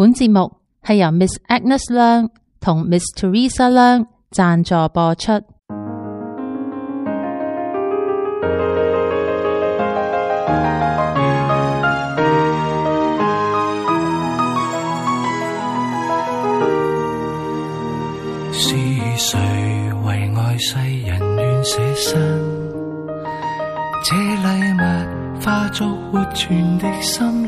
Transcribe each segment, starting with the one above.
本節目係由 Miss Agnes 梁、同 Miss Teresa 梁贊助播出。是誰為愛世人願捨身？這禮物化作活存的心。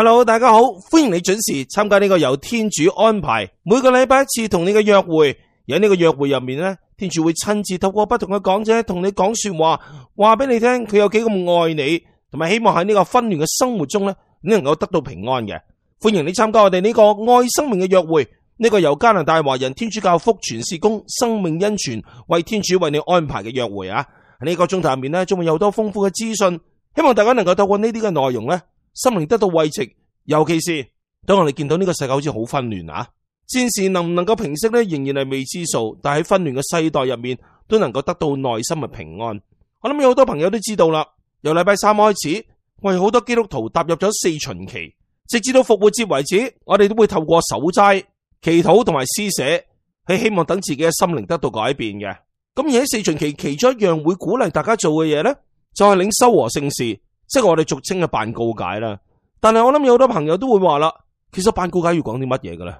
Hello，大家好，歡迎你準時參加呢個由天主安排每個禮拜一次同你嘅約會。而喺呢個約會入面咧，天主會親自透過不同嘅講者同你講說話，話俾你聽佢有幾咁愛你，同埋希望喺呢個紛亂嘅生活中咧，你能夠得到平安嘅。歡迎你參加我哋呢個愛生命嘅約會，呢、呢個由加拿大華人天主教福傳事工生命恩泉為天主為你安排嘅約會啊！喺呢個鐘頭入面咧，仲會有好多豐富嘅資訊，希望大家能夠透過呢啲嘅內容咧。心靈得到慰藉，尤其是當我哋見到呢個世界好似好紛亂啊！戰事能唔能夠平息呢？仍然係未知數。但喺紛亂嘅世代入面，都能夠得到內心嘅平安。我諗有好多朋友都知道啦，由禮拜三開始，我哋好多基督徒踏入咗四旬期，直至到復活節為止，我哋都會透過守齋、祈禱同埋施捨，係希望等自己嘅心靈得到改變嘅。咁而喺四旬期，其中一樣會鼓勵大家做嘅嘢呢，就係、是、領修和聖事。即係我哋俗稱嘅辦告解啦，但係我諗有好多朋友都會話啦，其實辦告解要講啲乜嘢嘅咧？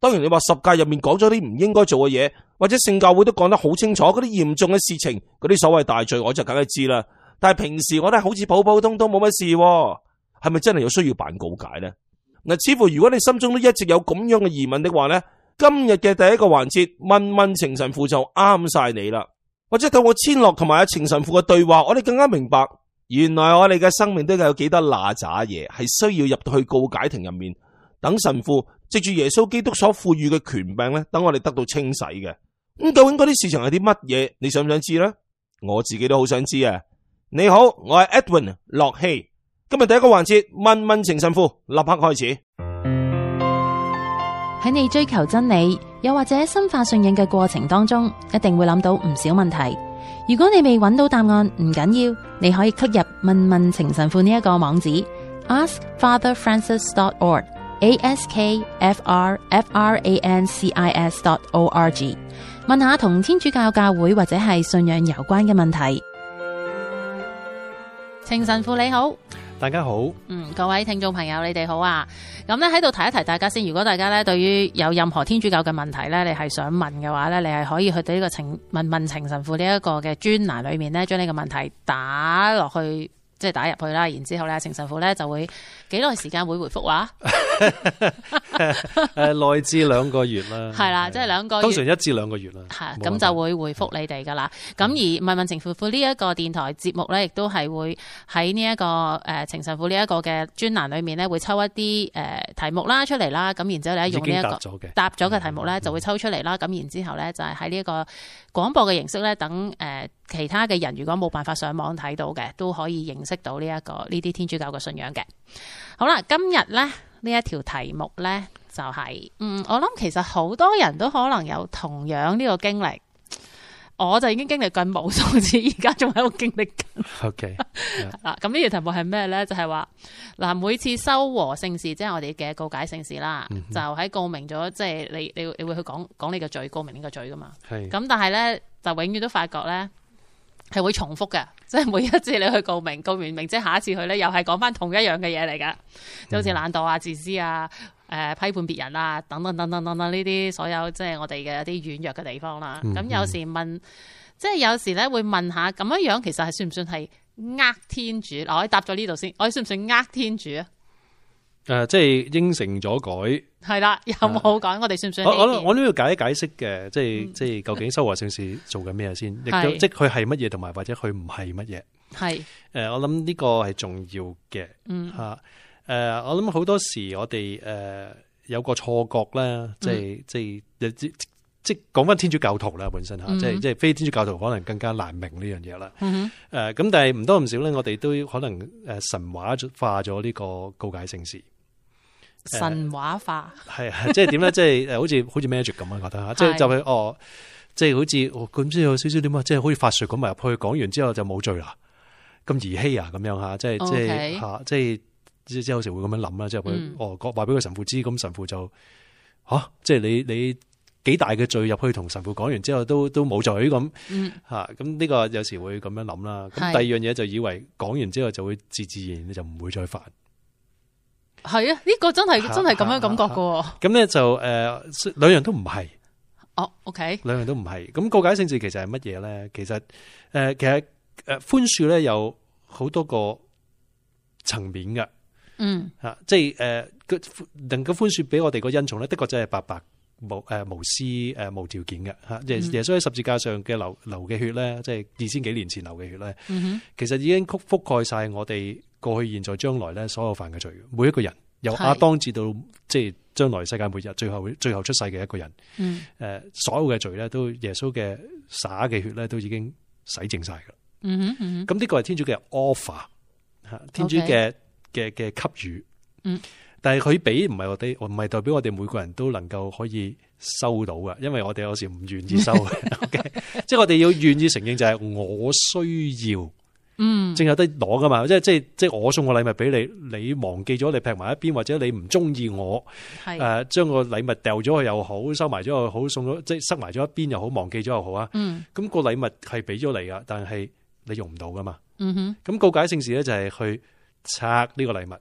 當然你話十誡入面講咗啲唔應該做嘅嘢，或者聖教會都講得好清楚嗰啲嚴重嘅事情，嗰啲所謂大罪，我就梗係知啦。但係平時我都好似普普通通冇乜事，係咪真係有需要辦告解咧？嗱，似乎如果你心中都一直有咁樣嘅疑問的話咧，今日嘅第一個環節問問情神父就啱晒你啦。或者透過千樂同埋阿情神父嘅對話，我哋更加明白。原來我哋嘅生命都有幾多那咋嘢，係需要入到去告解亭入面，等神父藉住耶穌基督所賦予嘅權柄咧，等我哋得到清洗嘅。咁究竟嗰啲事情係啲乜嘢？你想唔想知咧？我自己都好想知啊！你好，我係 Edwin 洛希。今日第一個環節，問問情神父，立刻開始。喺你追求真理，又或者深化信仰嘅過程當中，一定會諗到唔少問題。如果你未搵到答案，唔緊要，你可以 click 入問問情神父呢一個網址，askfatherfrancis.org，askf r f r a n c i s.org，問下同天主教教會或者係信仰有關嘅問題。情神父，你好。大家好，嗯，各位聽眾朋友，你哋好啊！咁咧喺度提一提大家先，如果大家咧對於有任何天主教嘅問題咧，你係想問嘅話咧，你係可以去到呢個情問問陳神父呢一個嘅專欄裏面咧，將呢個問題打落去，即係打入去啦。然之後咧，陳神父咧就會幾耐時間會回覆話 誒，內至兩個月啦，係啦，即係兩個月，通常、 就是、一至兩個月啦，係咁的就會回覆你哋噶啦。咁、嗯、而問問情，苦苦呢一個電台節目咧，亦都係會喺呢一個誒、呃、情神父呢一個嘅專欄裏面咧，會抽一啲誒、呃、題目啦出嚟啦。咁然之後咧用呢、這、一個答咗嘅題目咧，就會抽出嚟啦。咁、嗯、然之後咧、嗯、就係喺呢一個廣播嘅形式咧，等誒、呃、其他嘅人如果冇辦法上網睇到嘅，都可以認識到呢、這、一個呢啲天主教嘅信仰嘅。好啦，今日咧。呢一條題目咧就係、是，嗯，我諗其實好多人都可能有同樣呢個經歷，我就已經經歷過無數次，而家仲喺度經歷緊。O K，嗱，咁呢條題目係咩咧？就係話，嗱，每次修和聖事，即係我哋嘅告解聖事啦，就喺告明咗，即係你你你會去講講你個罪，告明呢個罪噶嘛。係咁 Yeah.，但係咧就永遠都發覺咧。係會重複嘅，即係每一次你去告明告完明，即係下一次佢咧又係講返同一樣嘅嘢嚟㗎，即好似懶惰啊、自私啊、誒、呃、批判別人啊等等等等等等呢啲所有即係我哋嘅一啲軟弱嘅地方啦。咁、嗯嗯、有時問，即係有時咧會問下咁樣樣，其實係算唔算係呃天主？我答咗呢度先，我算唔算呃天主啊？誒、呃，即係應承咗改，係啦，有冇好講、呃？我哋算唔算？我我我都要解解釋嘅，即係即係究竟收穫聖事做緊咩先？亦 即係佢係乜嘢，同埋或者佢唔係乜嘢？係誒的、呃，我諗呢個係重要嘅。嗯吓，誒、呃，我諗好多時我哋誒、呃、有個錯覺啦，即係即係、嗯即係講翻天主教徒啦，本身吓，即係即係非天主教徒可能更加難明呢樣嘢啦。誒、嗯哼，咁但係唔多唔少咧，我哋都可能誒神話化咗呢個告解聖事。神話化係即係點咧？即係誒， 即好似好似 magic 咁樣覺得吓，即係就係、是、的哦，即、就、係、是、好似哦咁先有少少點啊，即係好似法術咁入去，講完之後就冇罪啦，咁兒戲啊，咁樣吓，即係即係吓，即係即係有時會咁樣諗啦，即係佢哦，話俾個神父知，咁神父就吓、啊，即係你你。你幾大嘅罪入去同神父講完之後都，都都冇罪咁，吓咁呢個有時會咁樣諗啦。咁第二樣嘢就以為講完之後就會自自然然就唔會再犯。係、這個、啊，呢個真係真係咁樣感覺噶。咁咧、啊啊啊、就誒，兩、呃、樣都唔係。哦，OK。兩樣都唔係。咁、那、告、個、解聖事其實係乜嘢咧？其實誒、呃，其實誒，寬恕咧有好多個層面噶。嗯，吓、啊，即係誒，能夠寬恕俾我哋個恩寵咧，的確真係白白。無誒無私誒無條件嘅吓，耶耶穌喺十字架上嘅流流嘅血咧，即係二千幾年前流嘅血咧，mm hmm. 其實已經覆覆蓋晒我哋過去、現在、將來咧所有犯嘅罪，每一個人由亞當至到即係將來世界末日最後最後出世嘅一個人，誒、mm hmm. 所有嘅罪咧都耶穌嘅灑嘅血咧都已經洗淨晒噶啦，咁呢個係天主嘅 offer，天主嘅嘅嘅給予。Mm hmm. 但係佢俾唔係我哋，唔係代表我哋每個人都能夠可以收到噶，因為我哋有時唔願意收、 okay? 即係我哋要願意承認就係我需要，嗯，正有得攞噶嘛。即係即係即係我送個禮物俾你，你忘記咗你劈埋一邊，或者你唔中意我，係誒將個禮物掉咗去又好，收埋咗又好，送咗即係塞埋咗一邊又好，忘記咗又好啊。咁、嗯、個禮物係俾咗你㗎，但係你用唔到噶嘛。嗯咁哼告解聖事咧就係去拆呢個禮物。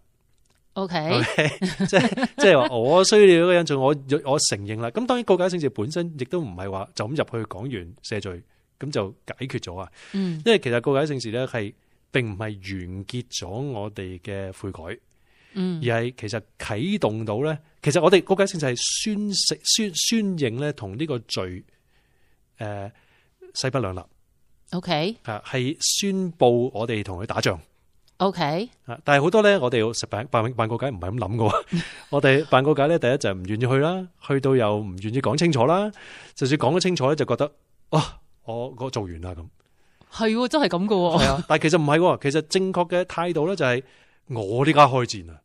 O K，即係即係話我需要一個印象，我我承認啦。咁當然告解聖事本身亦都唔係話就咁入去講完赦罪咁就解決咗啊。嗯，因為其實告解聖事咧係並唔係完結咗我哋嘅悔改，嗯，而係其實啟動到咧，其實我哋告解聖事係宣食、宣宣認咧同呢個罪誒、誓不兩立。O K，係宣布我哋同佢打仗。O K，啊，okay，但係好多咧，我哋要辦辦辦告解唔係咁諗嘅。我哋辦告解咧，第一就唔願意去啦，去到又唔願意講清楚啦。就算講得清楚咧，就覺得，啊、哦，我我做完啦咁。係，真係咁嘅。係啊，但係其實唔係，其實正確嘅態度咧就係我呢家開戰啊。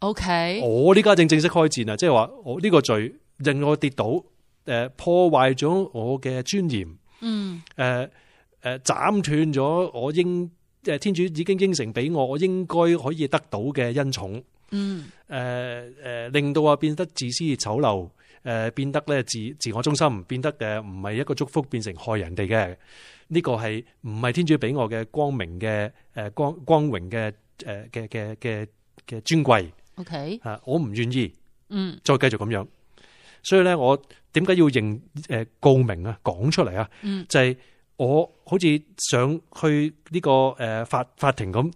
O Okay , K，我呢家正正式開戰啊，即係話我呢個罪令我跌倒，誒、呃、破壞咗我嘅尊嚴。嗯。誒誒、呃，斬斷咗我應。誒，天主已經應承俾我，我應該可以得到嘅恩寵。嗯。誒誒、呃，令到啊變得自私醜陋，誒、呃、變得咧自自我中心，變得誒唔係一個祝福，變成害人哋嘅。呢個係唔係天主俾我嘅光明嘅誒、呃、光光榮嘅誒嘅嘅嘅嘅尊貴。OK。吓、呃，我唔願意。嗯。再繼續咁樣，所以咧我點解要認誒、呃、告明啊，講出嚟啊？嗯、就係。我好似想去呢個誒法法庭咁，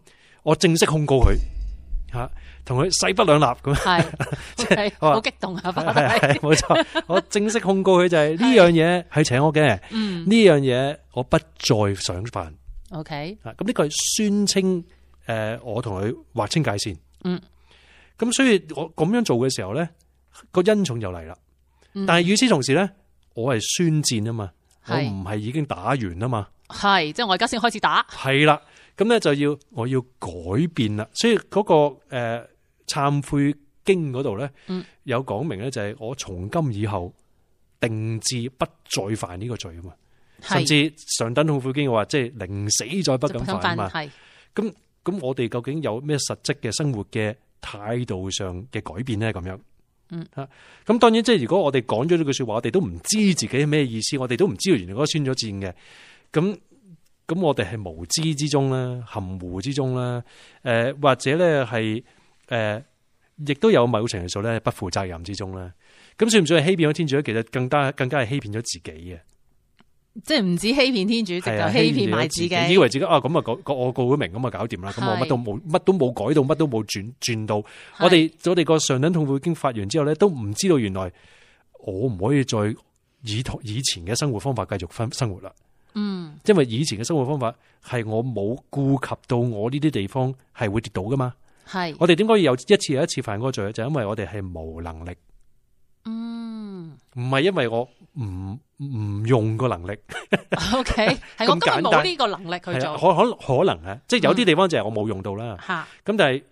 我正式控告佢吓，同佢勢不兩立咁。係即係好激動啊！冇錯，錯。 我正式控告佢就係呢樣嘢係請我嘅，呢、嗯、樣嘢我不再想犯。OK，咁呢個係宣稱誒，我同佢劃清界線。嗯，咁所以我咁樣做嘅時候咧，個恩寵就嚟啦。嗯、但係與此同時咧，我係宣戰啊嘛。我唔係已經打完啦嘛？係即係我而家先開始打，係啦，咁咧就要我要改變啦，所以嗰、那個誒懺、呃、悔經嗰度咧，嗯、有講明咧就係我從今以後定志不再犯呢個罪啊嘛，是 甚至上等痛悔經話即係寧死再不敢犯啊嘛。係咁，咁我哋究竟有咩實質嘅生活嘅態度上嘅改變咧咁樣？嗯吓，咁當然即係如果我哋講咗呢句說話，我哋都唔知自己係咩意思，我哋都唔知道原來嗰個宣咗戰嘅，咁咁我哋係無知之中啦，含糊之中啦，誒、呃、或者咧係誒亦都有某程度上咧不負責任之中啦。咁算唔算係欺騙咗天主咧？其實更加更加係欺騙咗自己嘅。即係唔止欺騙天主，直頭欺騙埋自己，的自己以為自己啊咁啊，我告明是的 我都明咁啊，搞掂啦。咁我乜都冇，乜都冇改到，乜都冇轉轉到。是的 我哋我哋個上等痛苦經發完之後咧，都唔知道原來我唔可以再以同以前嘅生活方法繼續分生活啦。嗯，因為以前嘅生活方法係我冇顧及到我呢啲地方係會跌倒噶嘛。係是的 我哋點解要有一次又一次犯嗰個罪？就係因為我哋係無能力。唔係因為我唔唔用個能力，OK，咁 簡單，我根本冇呢個能力去做，可可可能咧，嗯、即係有啲地方就係我冇用到啦。咁、嗯、但係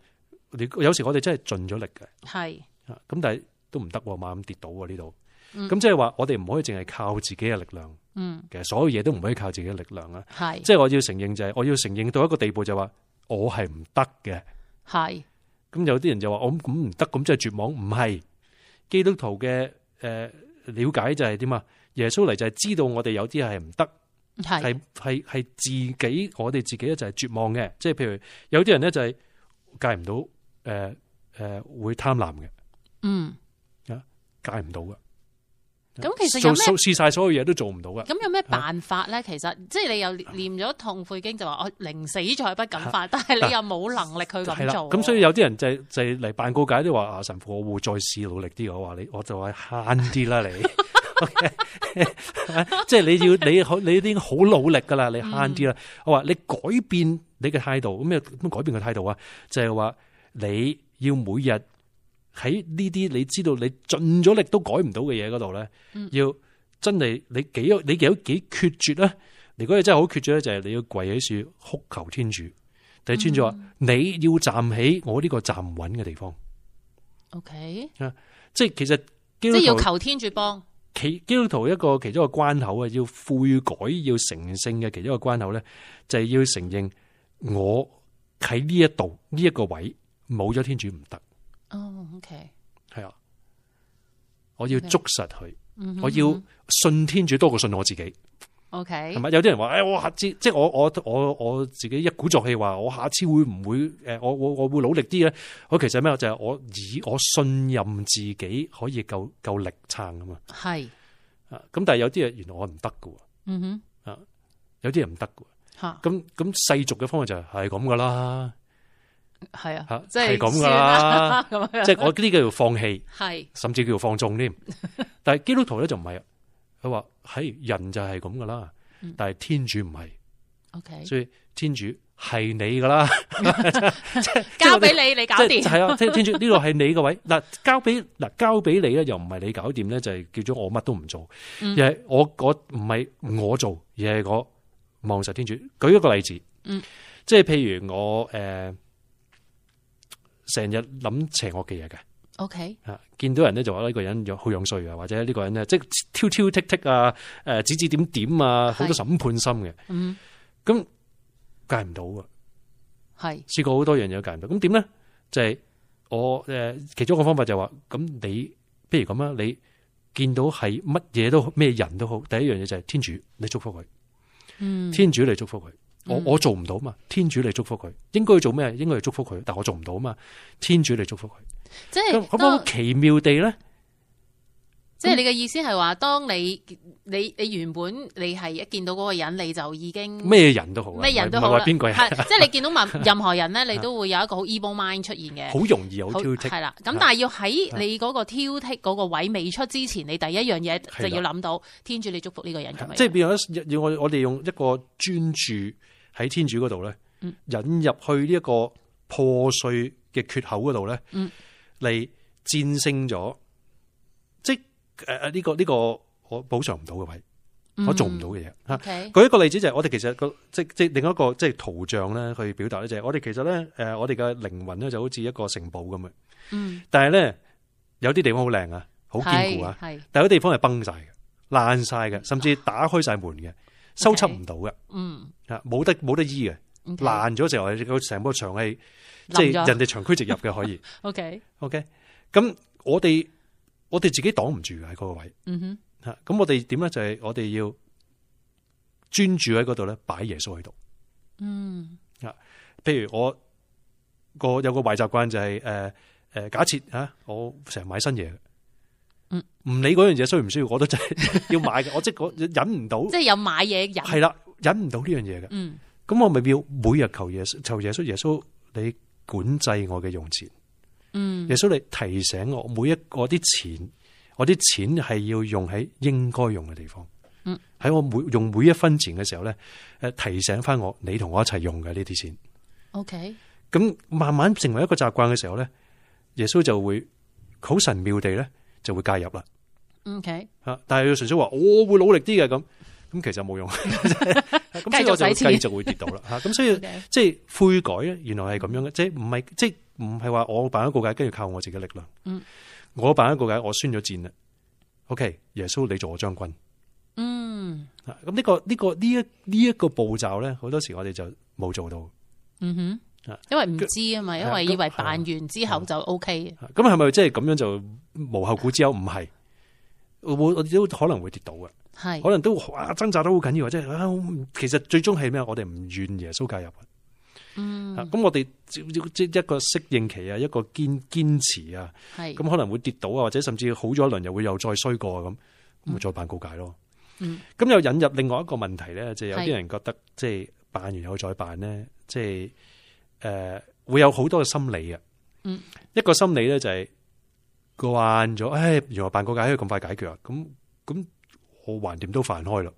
你有時候我哋真係盡咗力嘅，係咁是但係都唔得，慢咁跌到呢度。咁、嗯、即係話我哋唔可以淨係靠自己嘅力量，其實、嗯、所有嘢都唔可以靠自己嘅力量啊。係是，即係我要承認就係我要承認到一個地步就話我係唔得嘅，係咁是有啲人就話我咁唔得，咁即係絕望，唔係基督徒嘅。誒、呃，了解就係點啊？耶穌嚟，就係知道我哋有啲係唔得，係係係自己，我哋自己咧就係絕望嘅。即係譬如有啲人咧就係戒唔到，誒、呃、誒、呃、會貪婪嘅，嗯啊戒唔到嘅。咁其實做咩試晒所有嘢都做唔到嘅？咁有咩辦法咧？啊、其實即係你又念咗《痛悔經》，就話我寧死再不敢發，啊、但係你又冇能力去咁做、啊。咁、啊就是、所以有啲人就是、就嚟、是、辦告解，都話阿神父，我會再試努力啲。我話你，我就話慳啲啦， 你。即係你要你你已經好努力噶啦，你慳啲啦。嗯、我話你改變你嘅態度，咩改變個態度啊？就係、是、話你要每日。喺呢啲你知道你盡咗力都改唔到嘅嘢，嗰度咧，嗯、要真係你幾你幾有幾決絕咧？如果你真係好決絕咧，就係、是，你要跪喺樹哭求天主。但係天主話、嗯、你要站起，我呢個站穩嘅地方。OK，嗯、即係其實基督徒即要求天主幫。基督徒一個其中一個關口啊，要悔改，要成聖嘅其中一個關口咧，就係、是、要承認我喺呢一度呢一個位冇咗天主唔得。哦、oh，OK，係啊，我要捉實佢，okay, um, 我要信天主多過信我自己，OK，係咪？有啲人話誒、哎，我下次即係我我我我自己一鼓作氣話我下次會唔會誒，我我我會努力啲咧？佢其實咩就係、是、我以我信任自己可以夠夠力撐咁嘛。係咁是但係有啲嘢原來我唔得嘅，嗯哼、uh，啊、huh，有啲人唔得嘅，吓，咁咁世俗嘅方向就係係咁噶啦。係啊，就是、即係咁噶啦，即係我呢啲叫放棄，係是甚至叫放縱添。但係基督徒咧就唔係啊，佢話係人就係咁噶啦，嗯、但係天主唔係，OK，所以天主係你噶啦，即係、嗯、 交俾你你搞掂，係、就是、啊，天主呢度係你個位嗱， 交俾嗱交俾你咧，又唔係你搞掂咧，就係、是、叫咗我乜都唔做，又係、嗯、我我唔係我做，而係我望實天主。舉一個例子，嗯，即係譬如我誒。呃成日諗邪惡嘅嘢嘅，OK，啊，見到人咧就話呢個人好樣衰啊，或者呢個人咧即係挑挑剔剔啊，誒指指點點啊，好多審判心嘅，咁、嗯、戒唔到噶，係，試過好多樣嘢戒唔到，咁點咧？就係我誒，其中一個方法就係話，咁你，譬如咁啦，你見到係乜嘢都咩人都好，第一樣嘢就係天主，你祝福佢，嗯，天主你祝福佢。嗯我我做唔到嘛？天主你祝福佢，應該做咩？應該嚟祝福佢，但我做唔到嘛？天主你祝福佢，即係咁樣奇妙地咧。即係你嘅意思係話，當你你你原本你係一見到嗰個人，你就已經咩人都好，咩人都好啦。係，即係你見到任何人咧， 你都會有一個好 evil mind 出現嘅，好容易有挑剔。係啦，咁但係要喺你嗰個挑剔嗰個位置未出之前，的你第一樣嘢就要諗到天主你祝福呢個人咁的即係變咗要我我哋用一個專注。喺天主嗰度咧，引入去呢一個破碎嘅缺口嗰度咧，嚟戰勝咗、這個，即係誒呢個呢個我補償唔到嘅位，嗯、我做唔到嘅嘢。嗯 okay、舉一個例子就係我哋其實個即即另一個即係圖像咧去表達咧，就係我哋其實咧誒我哋嘅靈魂咧就好似一個城堡咁樣，嗯，但係咧有啲地方好靚啊，好堅固啊，係，但係有啲地方係崩晒嘅，爛晒嘅，甚至打開晒門嘅。修葺唔到嘅，okay，嗯，啊，冇得冇得醫嘅，爛咗就係成個場氣，即係人哋長驅直入嘅可以。 OK，OK，Okay,、okay? 咁我哋我哋自己擋唔住嘅喺嗰個位，嗯哼，吓，咁、就是、我哋點咧就係我哋要專注喺嗰度咧，擺耶穌喺度。嗯，啊，譬如我有個有個壞習慣就係誒誒，假設吓，我成日買新嘢。唔理嗰樣嘢需唔需要，我都真係要買嘅。 我即係忍唔到，即係有買嘢忍。係啦，忍唔到呢樣嘢嘅。嗯，咁我咪要每日求耶穌，求耶穌，耶穌你管制我嘅用錢。嗯，耶穌你提醒我每一個啲錢，我啲錢係要用喺應該用嘅地方。嗯，喺我每用每一分錢嘅時候咧，誒提醒翻我，你同我一齊用嘅呢啲錢。O K，咁慢慢成為一個習慣嘅時候咧，耶穌就會好神妙地咧。就會介入啦 o 吓，Okay 但係佢純粹話我會努力啲嘅，咁，咁其實冇用，咁 所以我就繼續會跌到啦吓，咁 花 所以 即係悔改咧，原來係咁樣嘅，即係唔係即係唔係話我辦一個告跟住靠我自己力量，嗯，我辦一個告我宣咗戰啦，OK，耶穌你做我將軍，嗯，咁呢、呢個呢、呢個呢一呢一個步驟咧，好多時我哋就冇做到，嗯哼。因為唔知啊嘛，因為以為辦完之後就 O K 嘅。咁係咪即係咁樣就無後顧之憂？唔係，我都可能會跌到嘅。係，是 可能都掙扎得好緊要，即係其實最終係咩？我哋唔願耶穌介入嘅。嗯，嗯。咁我哋即一個適應期啊，一個堅堅持啊，咁是是 可能會跌到啊，或者甚至好咗一輪又會又再衰過啊，咁咁咪再辦告解咯。咁、嗯嗯、又引入另外一個問題咧，就係、有啲人覺得是 即係辦完又再辦咧，即係。誒、呃，會有好多嘅心理啊。嗯，一個心理咧就係慣咗，誒、哎，原來辦告解可以咁快解決啊。咁咁，我橫掂都犯開啦，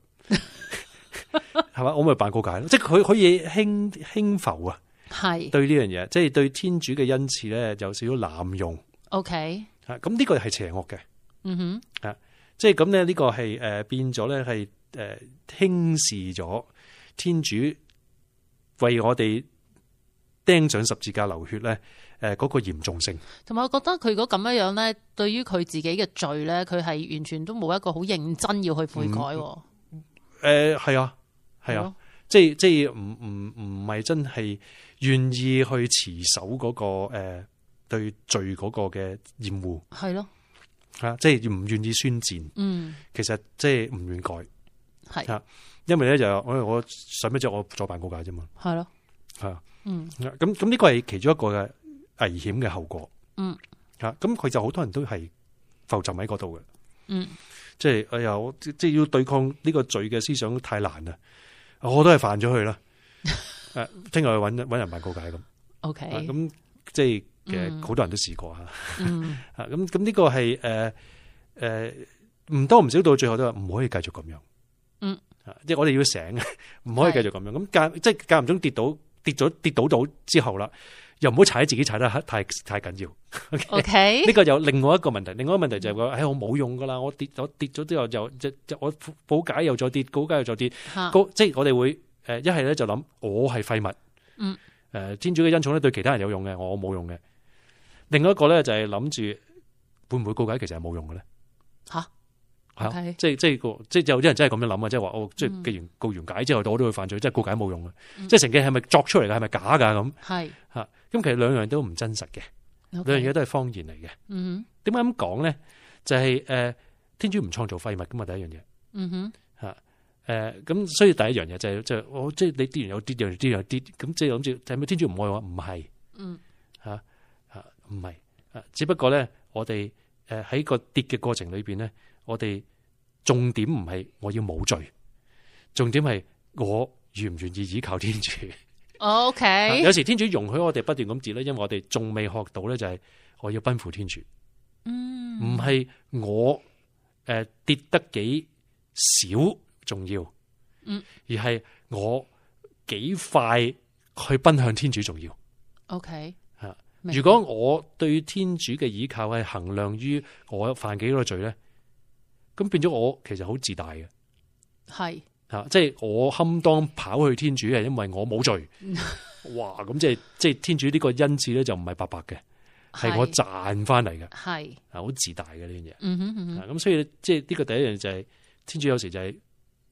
係嘛？ 我咪辦告解咯。即係佢可以輕輕浮啊。係是對呢樣嘢，即、就、係、是、對天主嘅恩賜咧，有少少濫用。O Okay K。吓、啊，咁呢個係邪惡嘅。嗯哼。吓、啊，即係咁咧，呢、這個係誒、呃、變咗咧，係誒輕視咗天主為我哋。釘上十字架流血咧，誒，嗰個嚴重性，同埋我覺得佢如果咁樣樣咧，對於佢自己嘅罪咧，佢係完全都冇一個好認真要去悔改。嗯。誒、呃，係啊，係啊，是啊即係即係唔唔唔係真係願意去持守嗰、那個誒、呃、對罪嗰個嘅厭惡，係咯，吓，即係唔願意宣戰。嗯，其實即係唔願改，係是、啊啊、因為咧就我我使乜啫，我再辦告解啫嘛，係咯，係啊。嗯，咁咁呢個係其中一個嘅危險嘅後果。嗯，吓，咁佢就好多人都係浮沉喺嗰度嘅。嗯，即係哎又即係要對抗呢個罪嘅思想太難啦。我都係犯咗去啦。誒， 聽日去揾揾人辦告解咁。O K，咁即係嘅好多人都試過吓。咁咁呢個係誒誒唔多唔少到最後都話唔可以繼續咁樣。嗯，即係我哋要醒，唔可以繼續咁樣。咁、嗯、即係間唔中跌倒。跌咗跌倒到之後啦，又唔好踩，自己踩得太太緊要。OK，呢 Okay? 個又有另外一個問題，另外一個問題就係、是、話，唉、哎，我冇用噶啦，我跌我跌咗之後就即即我告解又再跌，告解又再跌，高哈即係我哋會誒一係咧就諗我係廢物，嗯誒、呃、天主嘅恩寵咧對其他人有用嘅，我冇用嘅。另外一個咧就係諗住會唔會告解其實係冇用嘅咧？吓。係 Okay. 即係即係個即係有啲人真係咁樣諗啊，即係話、哦、即係既然告完解之後，我都會犯罪，mm. 即係告解冇用嘅，mm. 即係成件事係咪作出嚟嘅，係咪假噶咁？係吓咁，其實兩樣都唔真實嘅，兩 Okay. 樣嘢都係謊言嚟嘅。嗯、mm，點解咁講咧？就係、是、誒、呃，天主唔創造廢物噶嘛？第一樣嘢，吓誒、mm，咁、hmm. 呃、所以第一樣嘢就是、就我即係你跌完又跌完，跌又跌，咁即係諗住係咪天主唔愛我？唔係、mm. 啊，嗯吓吓唔係只不過咧，我哋誒喺個跌嘅過程裏邊咧。我哋重點唔係我要冇罪，重點係我願唔願意倚靠天主。OK。有時天主容許我哋不斷咁跌咧，因為我哋仲未學到咧，就係我要奔赴天主。嗯，唔係我誒跌得幾少重要，嗯，而係我幾快去奔向天主重要。OK。吓，如果我對天主嘅倚靠係衡量於我犯幾多罪咧，咁變咗我其實好自大嘅，係吓是，即係我堪當跑去天主係因為我冇罪， 哇！咁即係即係天主呢個恩賜咧就唔係白白嘅，係是我賺翻嚟嘅，係好是自大嘅呢樣嘢。咁、嗯嗯、所以即係呢個第一樣就係、是、天主有時就係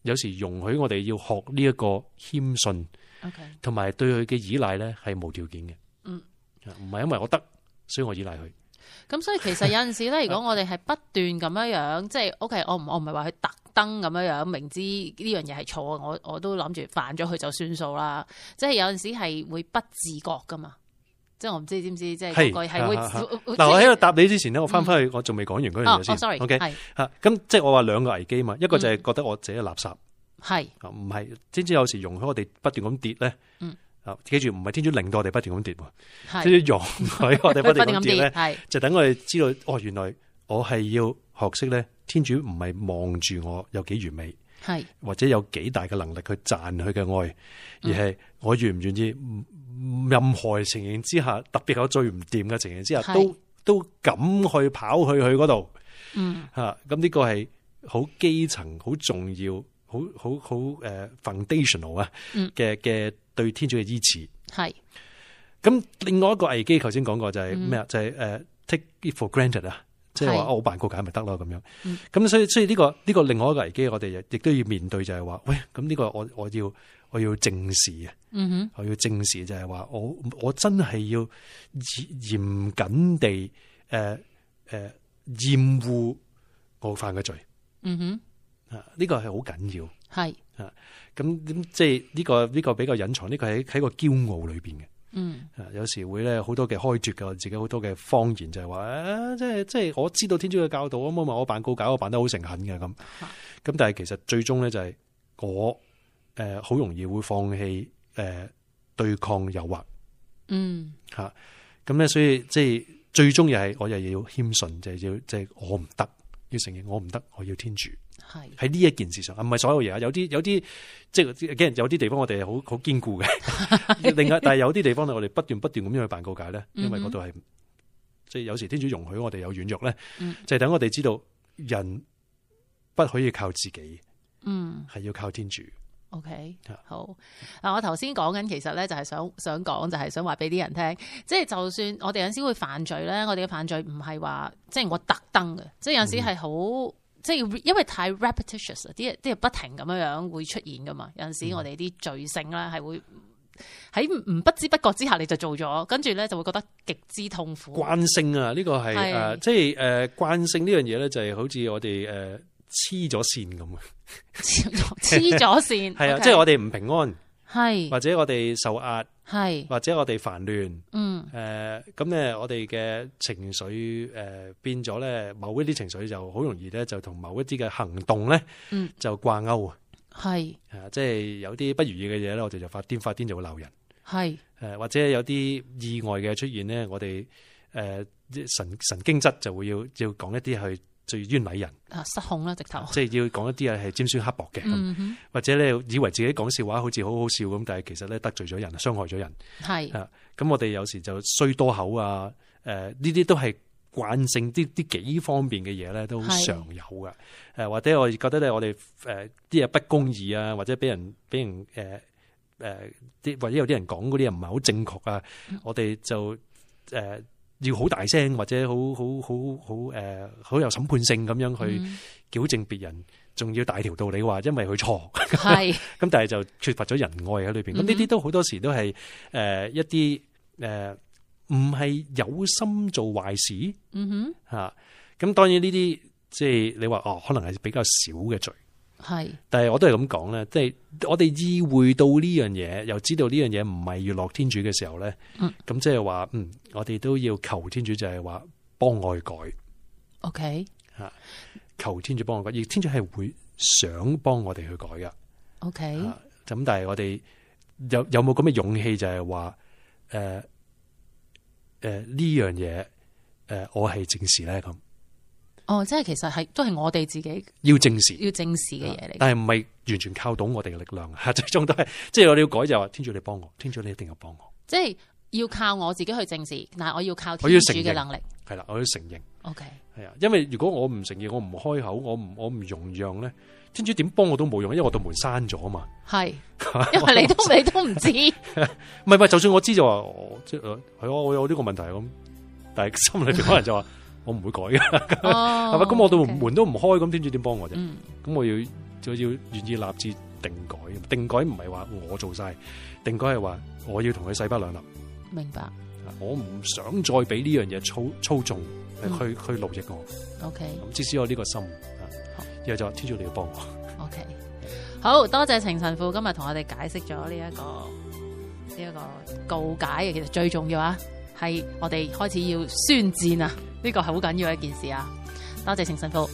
有時容許我哋要學呢一個謙遜，同埋 Okay 對佢嘅依賴咧係無條件嘅。嗯，唔係因為我得所以我依賴佢。咁所以其實有陣時咧，如果我哋係不斷咁樣樣，即係 OK，我唔我唔係話佢特登咁樣樣，明知呢樣嘢係錯，我我都諗住犯咗佢就算數啦。即係有陣時係會不自覺噶嘛，即係我唔知知唔知，即係係會。嗱，我喺度答你之前咧，我翻返去，我仲未講完嗰樣嘢先。OK，sorry，咁即係我話兩個危機嘛，一個就係覺得我自己垃圾，係唔係？先知有時容許我哋不斷咁跌咧。記住唔係天主令到我哋不斷咁跌，是天主容許我哋不斷咁跌咧，是 地跌就等我哋知道是哦，原來我係要學識咧，天主唔係望住我有幾完美，係是或者有幾大嘅能力去賺佢嘅愛，是而係我願唔願意，任何情形之下，特別我最唔掂嘅情形之下，是都都敢去跑去去嗰度，吓，咁呢個係好基層，好重要。好好好，誒，foundational 啊，嘅嘅、嗯、對天主嘅支持係。咁是另外一個危機，頭先講過就係咩啊？嗯、就係、是、誒、uh,，take it for granted 啊是，即係話我辦個解咪得咯咁樣。咁、嗯、所以所以呢個呢、這個另外一個危機，我哋亦都要面對就係話，喂，咁呢個我要我要我要正視啊。嗯哼，我要正視就係話，我我真係要嚴嚴謹地，誒、呃、誒、厭、呃、惡我犯嘅罪。嗯哼。呢個係好緊要，係是啊。咁即係呢、這個呢、這個比較隱藏，呢、這個喺喺個驕傲裏邊嘅。嗯、啊、有時候會咧好多嘅開脫嘅自己很的，好多嘅謊言就係話誒，即係即係我知道天主嘅教導啊嘛，我扮告解，我扮得好誠懇嘅咁咁。但係其實最終咧就係我誒好、呃、容易會放棄誒、呃、對抗誘惑。嗯吓咁咧，所以即係最終又係我又要謙信，就係、是、要即係、就是、我唔得，要承認我唔得，我要天主。係，喺呢一件事上，唔係所有嘢，有啲有啲即係有啲地方我哋係好好堅固嘅。另外，但係有啲地方我哋不斷不斷咁樣去辦告解咧，因為嗰度係即係有時天主容許我哋有軟弱咧，就係等我哋知道人不可以靠自己，嗯，嗯，係要靠天主。OK，好嗱，我頭先講緊其實咧，就係想想講，就係想話俾啲人聽，即係就算我哋有陣時會犯罪咧，我哋嘅犯罪唔係話即係我特登嘅，即係有陣時係好。嗯即係因為太 repetitious 啊，啲啲不停咁樣樣會出現噶嘛，有陣時我哋啲罪性咧係會喺唔不知不覺之下你就做咗，跟住咧就會覺得極之痛苦。慣性啊，呢、這個係誒，即係誒慣性呢、呃、樣嘢咧就係好似我哋誒黐咗線咁嘅，黐咗線係啊，Okay 即係我哋唔平安，係是或者我哋受壓。係是或者我哋煩亂，嗯，誒、呃，咁咧我哋嘅情緒誒、呃、變咗咧，某一啲情緒就好容易咧就同某一啲嘅行動咧，嗯，就掛鈎啊，係是、呃，即係有啲不如意嘅嘢咧，我哋就發癲，發癲就會鬧人，係是，誒、呃，或者有啲意外嘅出現咧，我哋誒、呃、神神經質就會要要講一啲去。最冤枉人啊！失控啦，直頭即係要講一啲嘢係尖酸刻薄嘅，嗯、哼或者你以為自己講笑話好似好好笑咁，但係其實咧得罪咗人，傷害咗人。係是啊，咁我哋有時就衰多口啊，誒呢啲都係慣性啲啲幾方面嘅嘢咧，都常有㗎。誒是、啊，或者我覺得咧，我哋誒啲嘢不公義啊，或者俾人俾人誒誒、呃呃，或者有啲人講嗰啲又唔係好正確啊，嗯、我哋就誒。呃要好大聲或者好好好好誒，好、呃、有審判性咁樣去矯正別人，仲、嗯、要大條道理話，因為佢錯，咁是 但係就缺乏咗仁愛喺裏邊。咁呢啲都好多時候都係誒、呃、一啲誒，唔、呃、係有心做壞事。嗯哼、嗯啊，吓咁當然呢啲即係你話哦，可能係比較少嘅罪。係，是但係我都係咁講咧，即、就、係、是、我哋意會到呢樣嘢，又知道呢樣嘢唔係要落天主嘅時候咧，咁即係話，嗯，我哋都要求天主就，就係話幫我去改。OK，啊，求天主幫我改，亦天主係會想幫我哋去改嘅。OK，咁但係我哋有有冇咁嘅勇氣，就係話，誒、呃，誒呢樣嘢，誒、呃，我係正視咧咁。哦，即係其實係都係我哋自己要正視，要正視嘅嘢嚟。但係唔係完全靠到我哋嘅力量啊，最終都係即係我哋要改就話，是，天主你幫我，天主你一定要幫我。即係要靠我自己去正視，但係我要靠天主嘅能力。係啦，我要承認。OK，係啊，因為如果我唔承認，我唔開口，我唔我唔容讓咧，天主點幫我都冇用，因為我道門閂咗啊嘛。係的，因為你都 你都唔知道，唔係 就算我知道就話即係我我有呢個問題咁，但係心裏邊可能就話。 我唔會改嘅，係咪、哦？咁 我到門都唔開，咁白天主點幫我啫？咁、嗯、我要就要願意立志定改，定改唔係話我做晒，定改係話我要同佢誓不兩立。明白。我唔想再俾呢樣嘢操操縱，去去奴役我。O K、嗯。咁至少我呢個心，好然後就天主要你要幫我。O、okay, K。好多謝程神父今日同我哋解釋咗呢一個呢一、這個告解嘅，其實最重要啊，係我哋開始要宣戰啊！呢個係好緊要嘅一件事啊！多謝程神父，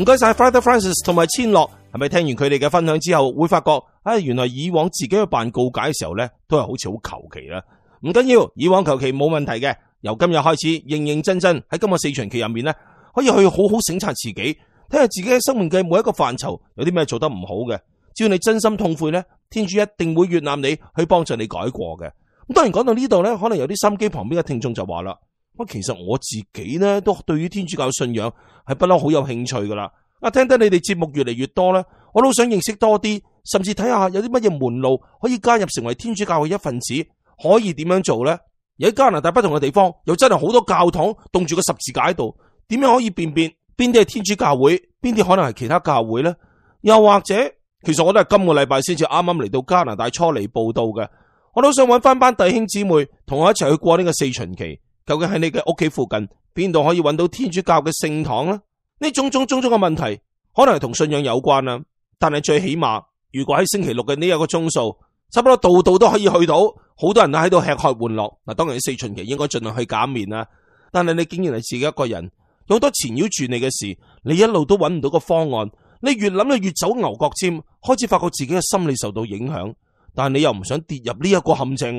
唔該晒 Father Francis 同埋千樂，係咪聽完佢哋嘅分享之後，會發覺啊，原來以往自己去辦告解嘅時候咧，都係好似好求其啦？唔緊要，以往求其冇問題嘅，由今日開始，認認真真喺今日四旬期入面咧，可以去好好省察自己。睇下自己喺生命嘅每一個範疇有啲咩做得唔好嘅，只要你真心痛悔咧，天主一定會悅納你，去幫助你改過嘅。咁當然講到呢度咧，可能有啲心機旁邊嘅聽眾就話啦：，咁其實我自己咧都對於天主教嘅信仰係不嬲好有興趣噶啦。啊，聽得你哋節目越嚟越多咧，我都想認識多啲，甚至睇下有啲乜嘢門路可以加入成為天主教嘅一份子，可以點樣做咧？而喺加拿大不同嘅地方，又真係好多教堂凍住個十字架喺度，點樣可以辨別？邊啲係天主教會，邊啲可能係其他教會呢？又或者，其實我都係今個禮拜先至啱啱嚟到加拿大初嚟報到嘅，我都想揾翻班弟兄姊妹同我一齊去過呢個四旬期。究竟喺你嘅屋企附近邊度可以揾到天主教嘅聖堂呢？呢種種種種嘅問題，可能係同信仰有關啊。但係最起碼，如果喺星期六嘅呢一個鐘數，差唔多度度都可以去到，好多人都喺度吃喝玩樂。嗱，當然四旬期應該盡量去減面啊。但係你竟然係自己一個人。有好多纏繞住你嘅事，你一路都揾唔到個方案，你越諗你越走牛角尖，開始發覺自己嘅心理受到影響。但係你又唔想跌入呢一個陷阱，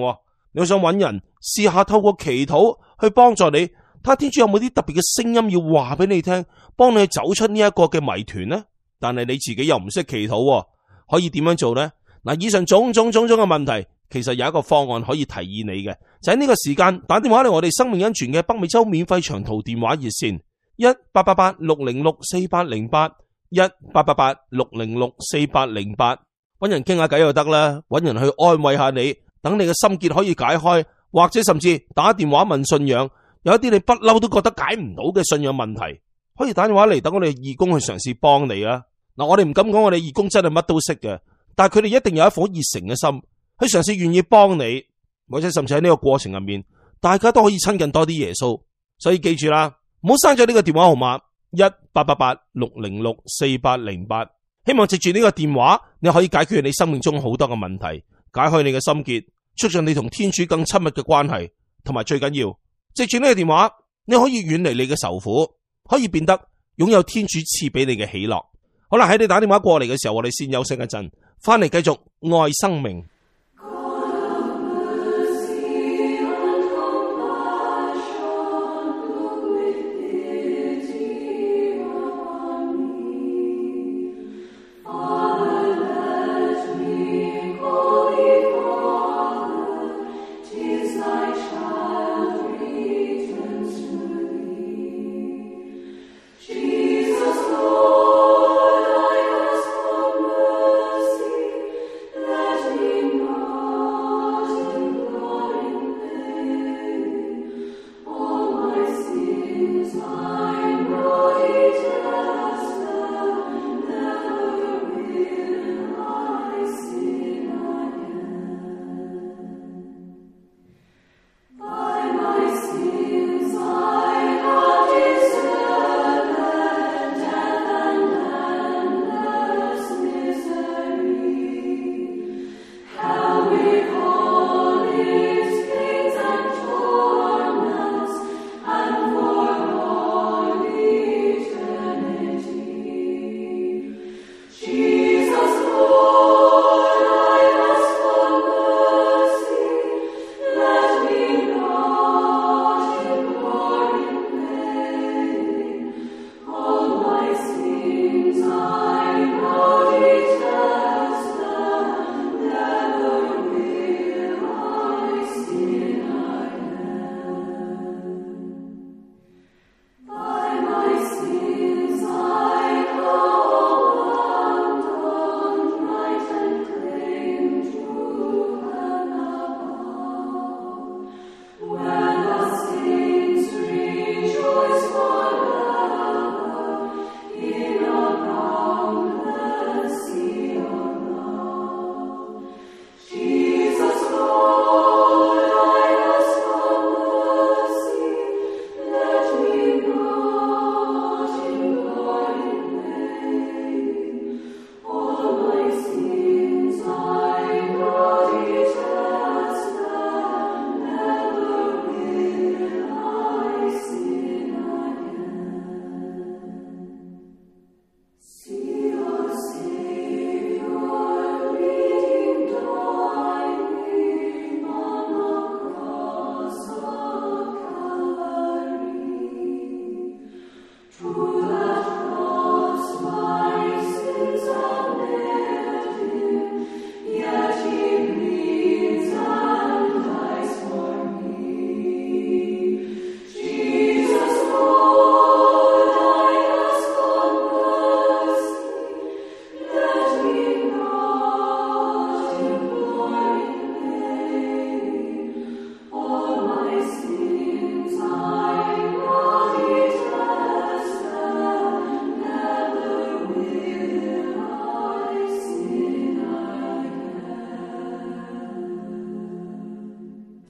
你想揾人試下透過祈禱去幫助你，睇下天主有冇啲特別嘅聲音要話俾你聽，幫你走出呢一個嘅謎團呢？但係你自己又唔識祈禱，可以點樣做呢？嗱，以上種種種種嘅問題，其實有一個方案可以提議你嘅，就喺呢個時間打電話嚟我哋生命恩泉嘅北美洲免費長途電話熱線。一八八八六零六四八零八一八八八六零六四八零八，搵人傾下偈就得啦，搵人去安慰下你，等你嘅心結可以解開，或者甚至打電話問信仰，有一啲你不嬲都覺得解唔到嘅信仰問題，可以打電話嚟，等我哋義工去嘗試幫你啊。嗱，我哋唔敢講我哋義工真係乜都識嘅，但係佢哋一定有一顆熱誠嘅心，去嘗試願意幫你，或者甚至喺呢個過程入面，大家都可以親近多啲耶穌。所以記住啦。唔好刪咗呢個電話號碼一八八八六零六四八零八。8，希望藉住呢個電話，你可以解決你生命中好多嘅問題，解開你嘅心結，促進你同天主更親密嘅關係，同埋最緊要藉住呢個電話，你可以遠離你嘅愁苦，可以變得擁有天主賜俾你嘅喜樂。好啦，喺你打電話過嚟嘅時候，我哋先休息一陣，翻嚟繼續愛生命。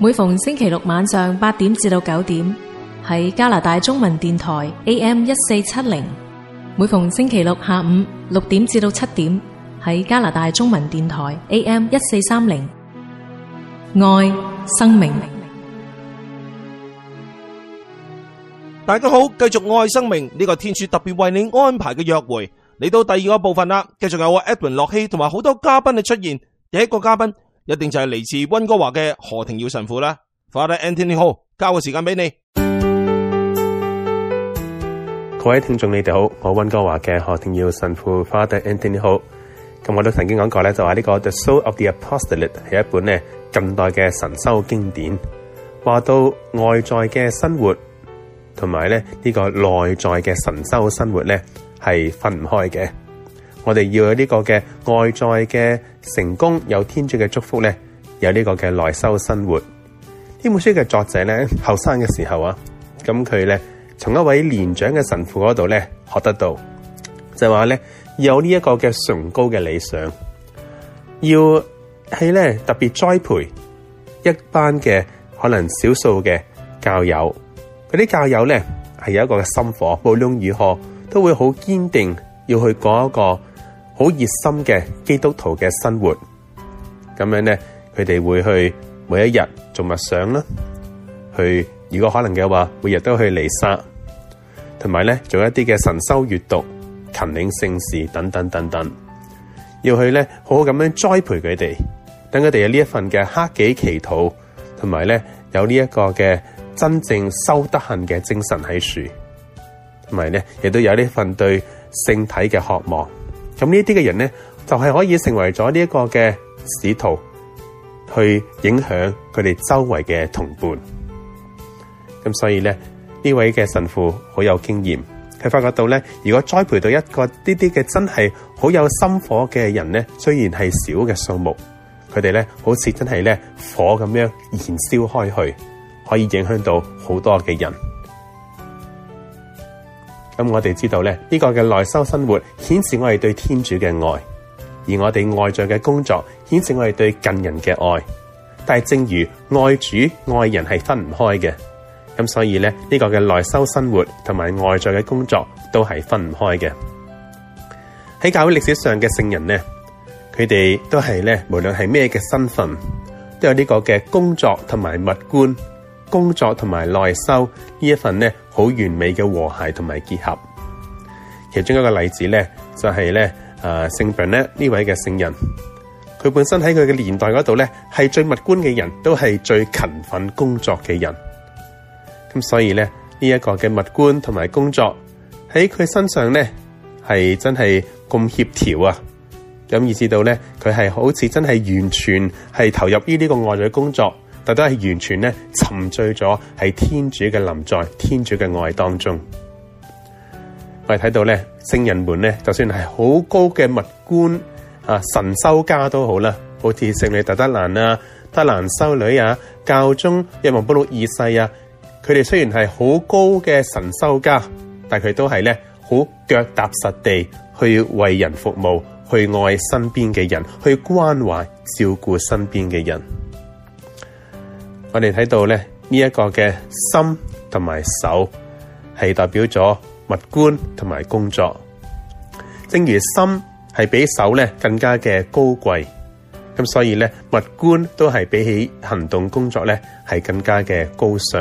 每逢星期六晚上八點至到九點，喺加拿大中文電台 AM 一四七零；每逢星期六下午六點至到七點，喺加拿大中文電台 AM 一四三零。愛生命，大家好，繼續愛生命呢個天書特別為你安排嘅約會，嚟到第二個部分啦。繼續有我 Edwin 洛希同埋好多嘉賓嘅出現，第一個嘉賓。一定就係嚟自溫哥華嘅何廷耀神父啦，Father Anthony Ho，交個時間俾你。各位聽眾你哋好，我溫哥華嘅何廷耀神父 Father Anthony Ho。咁我都曾經講過咧，就話呢個 The Soul of the Apostolate 係一本咧近代嘅神修經典，話到外在嘅生活同埋咧呢個內在嘅神修生活咧係分唔開嘅。我哋要有呢個嘅外在嘅成功，有天主嘅祝福咧，有呢個嘅內修生活。呢本書嘅作者咧，後生嘅時候啊，咁佢咧從一位年長嘅神父嗰度咧學得到，就話咧有呢一個嘅崇高嘅理想，要係咧特別栽培一班嘅可能少數嘅教友，嗰啲教友咧係有一個嘅心火，無論如何都會好堅定要去講一個。好熱心嘅基督徒嘅生活，咁樣呢，佢哋會去每一日做默想啦，去如果可能嘅話，每日都去彌撒，同埋呢做一啲嘅神修閱讀、勤領聖事等等等等，要去呢，好好咁樣栽培佢哋，等佢哋有呢一份嘅克己祈禱，同埋呢有呢有這一個嘅真正修德行嘅精神喺度，同埋呢亦都有呢份對聖體嘅渴望。咁呢啲嘅人咧，就係可以成為咗呢一個嘅使徒，去影響佢哋周圍嘅同伴。咁所以咧，呢位嘅神父好有經驗，佢發覺到咧，如果栽培到一個呢啲嘅真係好有心火嘅人咧，雖然係少嘅數目，佢哋咧好似真係咧火咁樣燃燒開去，可以影響到好多嘅人。咁我哋知道咧，呢個嘅內修生活顯示我哋對天主嘅愛，而我哋外在嘅工作顯示我哋對近人嘅愛。但係正如愛主愛人係分唔開嘅，咁所以咧，呢個嘅內修生活同埋外在嘅工作都係分唔開嘅。喺教會歷史上嘅聖人呢，佢哋都係咧，無論係咩嘅身份，都有呢個嘅工作同埋物官工作同埋內修呢一份呢。好完美嘅和諧同埋結合，其中一個例子呢，就係、是、咧，誒、啊，聖人咧，呢位嘅聖人，佢本身喺佢嘅年代嗰度呢，係最默觀嘅人，都係最勤奮工作嘅人，咁所以呢，呢、這、一個嘅默觀同埋工作喺佢身上呢，係真係咁協調啊，咁以致到呢，佢係好似真係完全係投入於呢個外在工作。但都係完全咧沉醉咗喺天主嘅臨在、天主嘅愛當中。我哋睇到咧，聖人們咧，就算係好高嘅物觀啊、神修家都好啦，好似聖女大德蘭啊、德蘭修女啊、教宗若望保祿二世啊，佢哋雖然係好高嘅神修家，但佢都係咧好腳踏實地去為人服務、去愛身邊嘅人、去關懷照顧身邊嘅人。我哋睇到咧，呢一個嘅心同埋手係代表咗物觀同埋工作，正如心係比手咧更加嘅高貴，咁所以咧物觀都係比起行動工作咧係更加嘅高尚。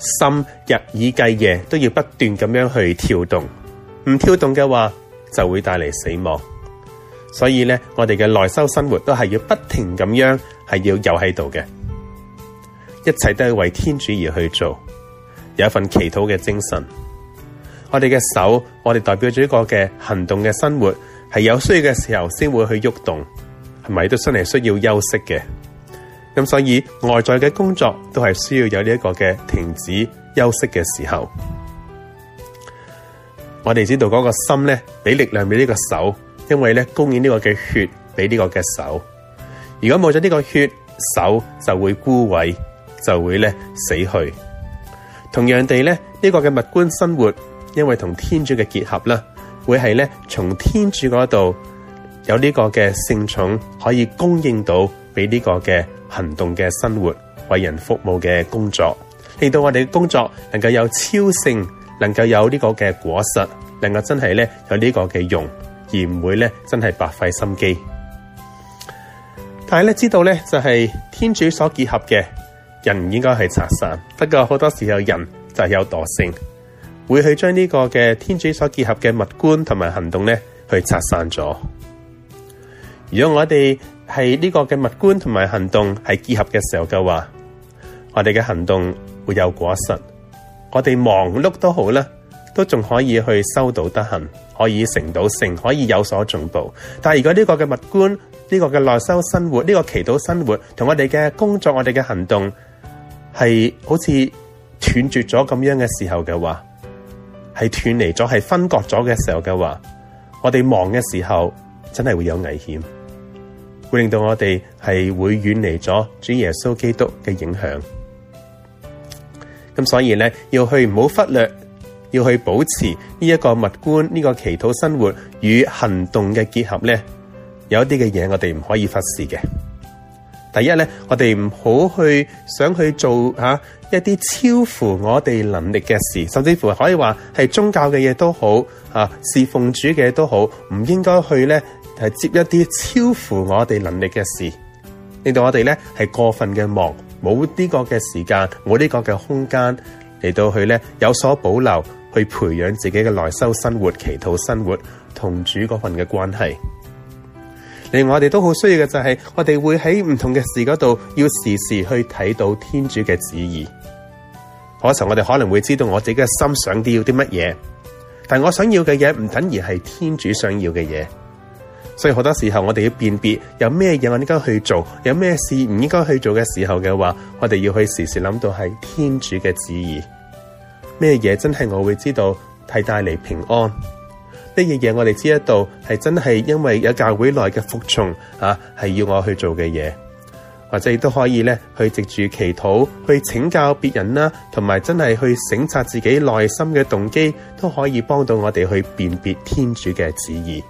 心日以繼夜都要不斷咁樣去跳動，唔跳動嘅話就會帶嚟死亡。所以咧，我哋嘅內修生活都係要不停咁樣係要有喺度嘅。一切都係為天主而去做，有一份祈禱嘅精神。我哋嘅手，我哋代表咗一個嘅行動嘅生活，係有需要嘅時候先會去喐動，動，係咪？也都真嚟係需要休息嘅。咁所以外在嘅工作都係需要有呢一個嘅停止休息嘅時候。我哋知道嗰個心咧，俾力量俾呢個手，因為咧，供應呢個嘅血俾呢個嘅手。如果冇咗呢個血，手就會枯萎。就會咧死去。同樣地咧，呢、這個嘅物觀生活，因為同天主嘅結合啦，會係咧從天主嗰度有呢個嘅聖寵，可以供應到俾呢個嘅行動嘅生活，為人服務嘅工作，令到我哋工作能夠有超性，能夠有呢個嘅果實，能夠真係咧有呢個嘅用，而唔會咧真係白費心機。但係咧，知道咧就係、是、天主所結合嘅。人唔應該係拆散，不過好多時候人就係有惰性，會去將呢個嘅天主所結合嘅物觀同埋行動咧去拆散咗。如果我哋係呢個嘅物觀同埋行動係結合嘅時候嘅話，我哋嘅行動會有果實，我哋忙碌都好啦，都仲可以去收到德行，可以成到聖，可以有所進步。但係如果呢個嘅物觀、呢個嘅內修生活、呢個祈禱生活同我哋嘅工作、我哋嘅行動，係好似斷絕咗咁樣嘅時候嘅話，係斷離咗，係分割咗嘅時候嘅話，我哋忙嘅時候真係會有危險，會令到我哋係會遠離咗主耶穌基督嘅影響。咁所以咧，要去唔好忽略，要去保持呢一個物觀呢、呢個祈禱生活與行動嘅結合咧，有一啲嘅嘢我哋唔可以忽視嘅。第一咧，我哋唔好去想去做吓一啲超乎我哋能力嘅事，甚至乎可以話係宗教嘅嘢都好，吓侍奉主嘅嘢都好，唔應該去咧係接一啲超乎我哋能力嘅事，令到我哋咧係過分嘅忙，冇呢個嘅時間，冇呢個嘅空間嚟到去咧有所保留，去培養自己嘅內修生活、祈禱生活同主嗰份嘅關係。令我哋都好需要嘅就係，我哋會喺唔同嘅事嗰度，要時時去睇到天主嘅旨意。嗰時候我哋可能會知道我自己嘅心想啲要啲乜嘢，但我想要嘅嘢唔等於係天主想要嘅嘢。所以好多時候我哋要辨別有咩嘢我應該去做，有咩事唔應該去做嘅時候嘅話，我哋要去時時諗到係天主嘅旨意。咩嘢真係我會知道，替帶嚟平安。呢樣嘢我哋知道係真係，因為有教會內嘅服從係係、啊、要我去做嘅嘢，或者亦都可以咧去藉住祈禱去請教別人啦，同、啊、埋真係去省察自己內心嘅動機，都可以幫到我哋去辨別天主嘅旨意。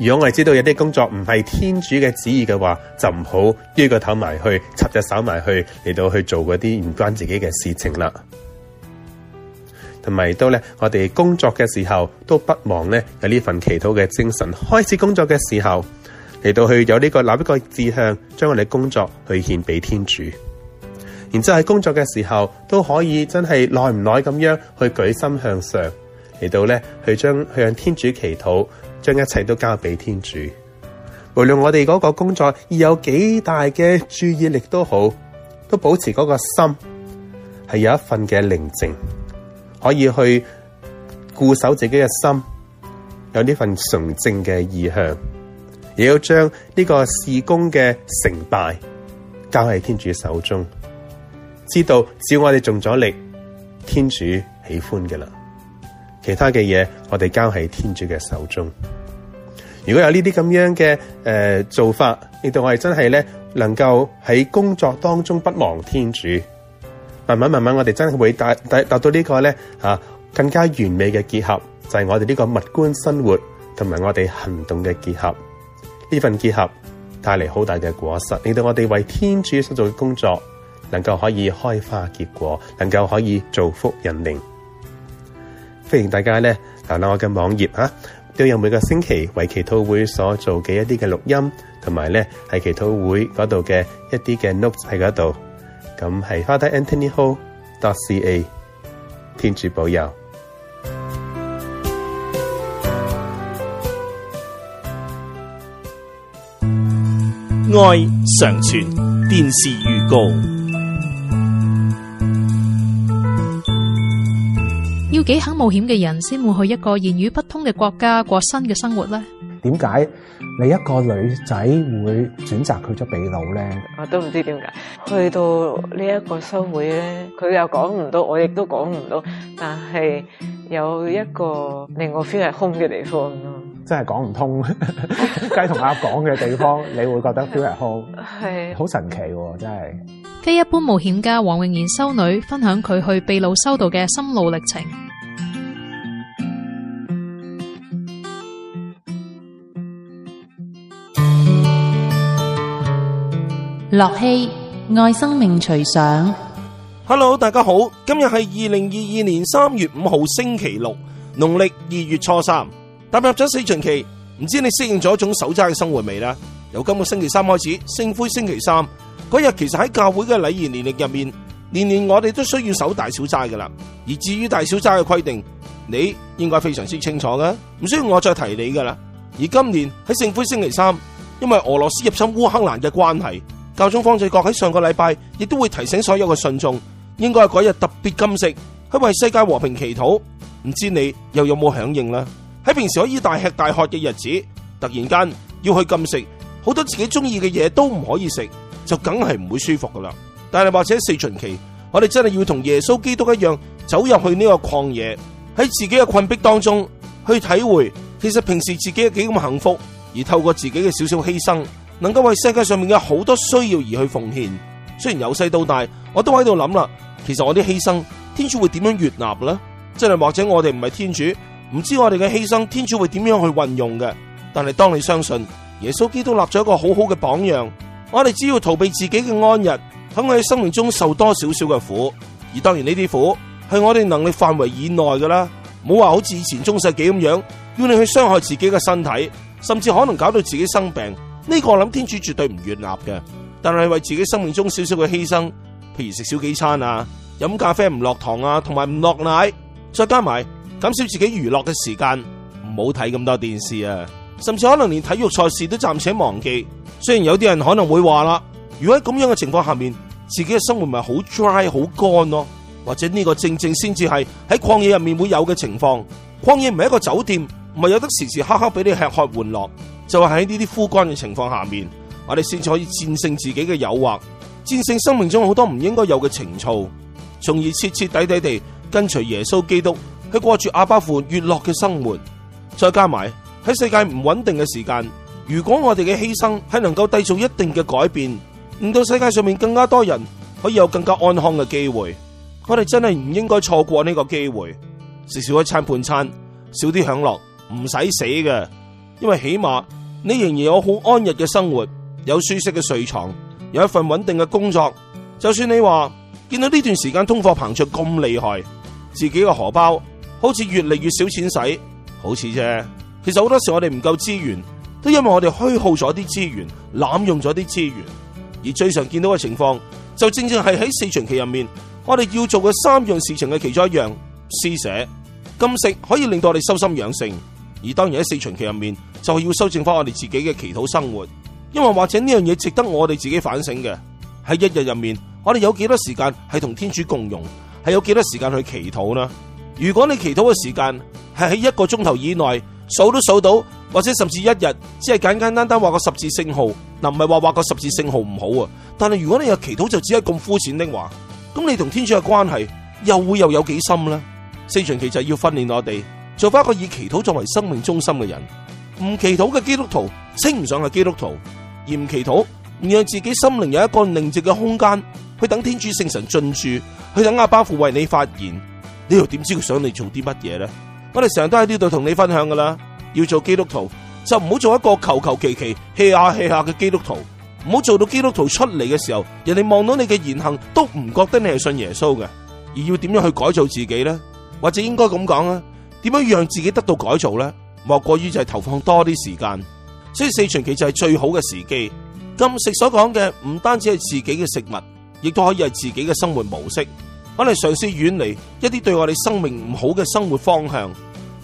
如果我哋知道有啲工作唔係天主嘅旨意嘅話，就唔好依個頭埋去，插隻手埋去嚟到去做嗰啲唔關自己嘅事情啦。同埋，都咧，我哋工作嘅時候都不忘咧，有呢份祈禱嘅精神。開始工作嘅時候，嚟到去有呢、呢個，立、呢、一個志向，將我哋工作去獻俾天主。然之後喺工作嘅時候，都可以真係耐唔耐咁樣去舉心向上，嚟到咧去將去向天主祈禱，將一切都交俾天主。無論我哋嗰個工作要有幾大嘅注意力都好，都保持嗰個心係有一份嘅寧靜。可以去固守自己嘅心，有呢份純正嘅意向，亦要將呢個事工嘅成敗交喺天主手中，知道只要我哋盡咗力，天主喜歡嘅啦，其他嘅嘢我哋交喺天主嘅手中。如果有呢啲咁樣嘅誒、呃、做法，令到我哋真係咧能夠喺工作當中不忘天主。慢慢慢慢，我哋真係會達達到呢個咧，啊，更加完美嘅結合，就係、是、我哋呢個物觀生活同埋我哋行動嘅結合。呢份結合帶嚟好大嘅果實，令到我哋為天主所做嘅工作，能夠可以開花結果，能夠可以造福人靈。歡迎大家呢，瀏覽我嘅網頁吓，都有每個星期為祈禱會所做嘅一啲嘅錄音，同埋呢係祈禱會嗰度嘅一啲嘅 notes 喺嗰度。咁係 Father Anthony Ho, dot C A。天主保佑。愛常傳電視預告。要幾肯冒險嘅人先會去一個言語不通嘅國家過新嘅生活咧？點解你一個女仔會選擇去咗秘魯咧？我都唔知點解。去到呢一個修會咧，佢又講唔到，我亦都講唔到。但係有一個令我 feel at home 嘅地方咯。真係講唔通雞同鴨講嘅地方，你會覺得 feel at home，係，好神奇真係。非一般冒險家黃穎賢修女分享佢去秘魯修道嘅心路歷程。樂希愛生命隨想，Hello，大家好，今日係二零二二年三月五號星期六，農曆二月初三，踏入咗四旬期，唔知你適應咗一種守齋嘅生活未咧？由今個星期三開始，聖灰星期三嗰日，那天其實喺教會嘅禮儀年曆入面，年年我哋都需要守大小齋噶啦。而至於大小齋嘅規定，你應該非常之清楚嘅，唔需要我再提你噶啦。而今年喺聖灰星期三，因為俄羅斯入侵烏克蘭嘅關係。教宗方濟各喺上個禮拜亦都會提醒所有嘅信眾，應該喺嗰日特別禁食，去為世界和平祈禱。唔知你又有冇響應呢？喺平時可以大吃大喝嘅日子，突然間要去禁食，好多自己中意嘅嘢都唔可以食，就梗係唔會舒服噶啦。但係或者四旬期，我哋真係要同耶穌基督一樣，走入去呢個曠野，喺自己嘅困逼當中去體會，其實平時自己有幾咁幸福，而透過自己嘅少少犧牲。能夠為世界上面嘅好多需要而去奉獻，雖然由細到大我都喺度諗啦，其實我啲犧牲天主會點樣悦納呢？即係或者我哋唔係天主，唔知我哋嘅犧牲天主會點樣去運用嘅。但係當你相信耶穌基督立咗一個好好嘅榜樣，我哋只要逃避自己嘅安逸，喺我哋生命中受多少少嘅苦，而當然呢啲苦係我哋能力範圍以內噶啦，冇話好似以前中世紀咁樣要你去傷害自己嘅身體，甚至可能搞到自己生病。呢個我諗天主絕對唔接納嘅，但係為自己生命中少少嘅犧牲，譬如食少幾餐啊，飲咖啡唔落糖啊，同埋唔落奶，再加埋減少自己娛樂嘅時間，唔好睇咁多電視啊，甚至可能連體育賽事都暫且忘記。雖然有啲人可能會話啦，如果喺咁樣嘅情況下面，自己嘅生活咪好 dry 好乾咯，或者呢個正正先至係喺曠野入面會有嘅情況。曠野唔係一個酒店，唔係有得時時刻刻俾你吃喝玩樂。就係喺呢啲枯乾嘅情況下面，我哋先至可以戰勝自己嘅誘惑，戰勝生命中好多唔應該有嘅情操，從而徹徹底底地跟隨耶穌基督去過住阿爸父悅樂嘅生活。再加埋喺世界唔穩定嘅時間，如果我哋嘅犧牲係能夠締造一定嘅改變，令到世界上面更加多人可以有更加安康嘅機會，我哋真係唔應該錯過呢個機會，食少一餐半餐，少啲享樂，唔使死嘅。因為起碼你仍然有好安逸嘅生活，有舒適嘅睡床，有一份穩定嘅工作。就算你話見到呢段時間通貨膨脹咁厲害，自己個荷包好似越嚟越少錢使，好似啫。其實好多時我哋唔夠資源，都因為我哋虛耗咗啲資源，濫用咗啲資源。而最常見到嘅情況，就正正係喺四旬期入面，我哋要做嘅三樣事情嘅其中一樣施捨、禁食可以令到我哋修心養性。而當然喺四旬期入面，就係要修正翻我哋自己嘅祈禱生活，因為或者呢樣嘢值得我哋自己反省嘅。喺一日入面，我哋有幾多時間係同天主共融，係有幾多時間去祈禱呢？如果你祈禱嘅時間係喺一個鐘頭以內數都數到，或者甚至一日只係簡簡單單畫個十字聖號，嗱唔係話畫個十字聖號唔好啊，但係如果你嘅祈禱就只係咁膚淺的話，咁你同天主嘅關係又會又有幾深呢？四旬期就要訓練我哋。做翻一個以祈禱作為生命中心嘅人。唔祈禱嘅基督徒稱唔上係基督徒，而唔祈禱，唔讓自己心靈有一個寧靜嘅空間，去等天主聖神進駐，去等阿爸父為你發言，你又點知佢想你做啲乜嘢咧？我哋成日都喺呢度同你分享噶啦，要做基督徒就唔好做一個求求其其、氣下氣下嘅基督徒，唔好做到基督徒出嚟嘅時候，人哋望到你嘅言行都唔覺得你係信耶穌嘅，而要點樣去改造自己咧？或者應該咁講啊？點樣讓自己得到改造呢？莫過於就係投放多啲時間，所以四旬期就係最好嘅時機。禁食所講嘅唔單止係自己嘅食物，亦都可以係自己嘅生活模式。可能嘗試遠離一啲對我哋生命唔好嘅生活方向，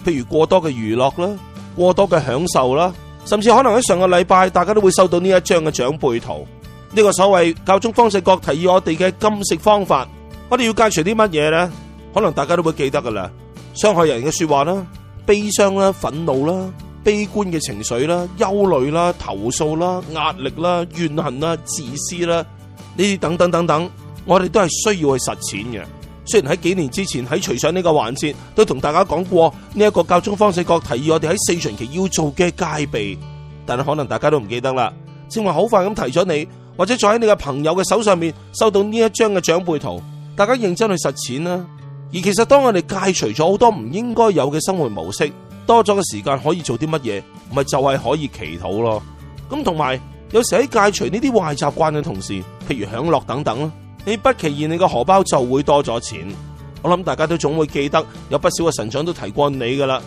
譬如過多嘅娛樂啦，過多嘅享受啦，甚至可能喺上個禮拜，大家都會收到呢一張嘅長輩圖。呢、這個所謂教宗方濟各提議我哋嘅禁食方法，我哋要戒除啲乜嘢呢？可能大家都會記得噶啦。傷害人嘅說話啦，悲傷啦，憤怒啦，悲觀嘅情緒啦，憂慮啦，投訴啦，壓力啦，怨恨啦，自私啦，呢啲等等等等，我哋都係需要去實踐嘅。雖然喺幾年之前喺除上呢個環節都同大家講過呢一個教宗方濟各提議我哋喺四旬期要做嘅戒備，但係可能大家都唔記得啦。正話好快咁提咗你，或者再喺你嘅朋友嘅手上面收到呢一張嘅長輩圖，大家認真去實踐啦。而其實，當我哋戒除咗好多唔應該有嘅生活模式，多咗嘅時間可以做啲乜嘢？咪就係可以祈禱咯。咁同埋，有時喺戒除呢啲壞習慣嘅同時，譬如享樂等等，你不期然，你個荷包就會多咗錢。我諗大家都總會記得，有不少嘅神長都提過你噶啦。